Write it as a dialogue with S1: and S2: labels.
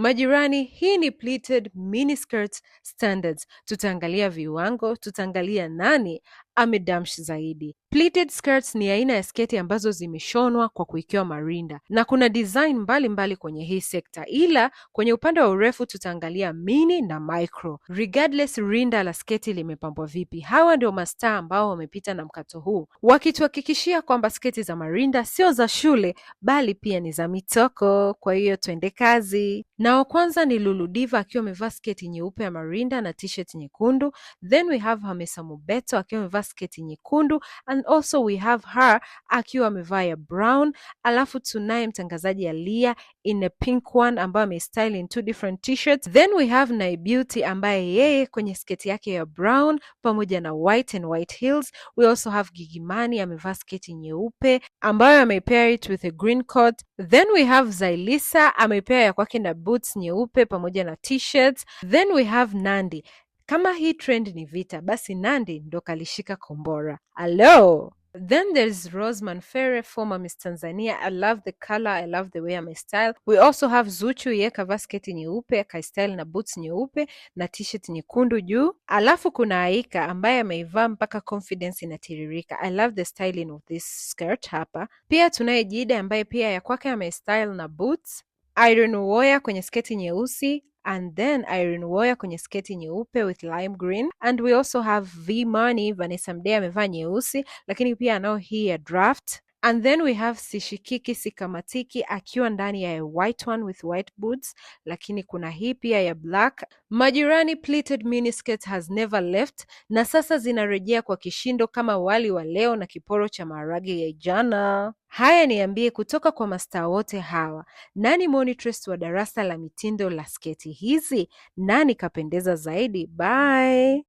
S1: Majirani, hii ni pleated miniskirt standards. Tutaangalia viwango, tutaangalia nani amedamsh zaidi. Pleated skirts ni aina ya sketi ambazo zimeshonwa kwa kuikiwa marinda na kuna design mbalimbali mbali kwenye hii sekta, ila kwenye upande wa urefu tutaangalia mini na micro. Regardless rinda la sketi limepambwa vipi, hawa ndio mastaa ambao wamepita na mkato huu wakituhakikishia kwamba sketi za marinda sio za shule, bali pia ni za mitoko. Kwa hiyo twende kazi. Na wa kwanza ni luludiva akiwa amevaa sketi nyeupe ya marinda na tshet nyekundu, then we have hamesa mubeto akiwa amevaa sketi nyekundu and also we have her akiwa amevaa ya brown, alafu tunaye mtangazaji alia in a pink one ambayo amestyle in two different t-shirts. Then we have Nai Beauty ambaye yeye kwenye sketi yake ya brown pamoja na white and white heels. We also have gigimani amevaa sketi nyeupe ambayo amepair it with a green coat. Then we have Zailisa amepair ya kwake na boots nyeupe pamoja na t-shirts. Then we have nandi kama hii trend ni vita, basi Nandi ndo kalishika kombora. Alo! Then there's rosman fere former Miss Tanzania. I love the color, I love the way my style. We also have Zuchu, yekavaa sketi nyeupe, kaistyle na boots nyeupe na tshirt nyekundu juu. Alafu kuna Aika ambaye ameivaa mpaka confidence inatiririka. I love the styling of this skirt hapa. Pia tunaye Jida ambaye pia ya kwake amestyle na boots iron woya kwenye sketi nyeusi, and then Irene Uwoya kwenye sketi nyeupe with lime green and we also have V Money Vanessa Mdee amevaa nyeusi, lakini pia anao hii ya draft And then we have sishikiki sikamatiki akiwa ndani ya white one with white boots, lakini kuna hii pia ya black. Majirani pleated miniskirt has never left, na sasa zinarejea kwa kishindo kama wali wa leo na kiporo cha maharage ya jana. Haya, niambie kutoka kwa mastaa wote hawa, nani monitress wa darasa la mitindo la sketi hizi? Nani kapendeza zaidi? Bye.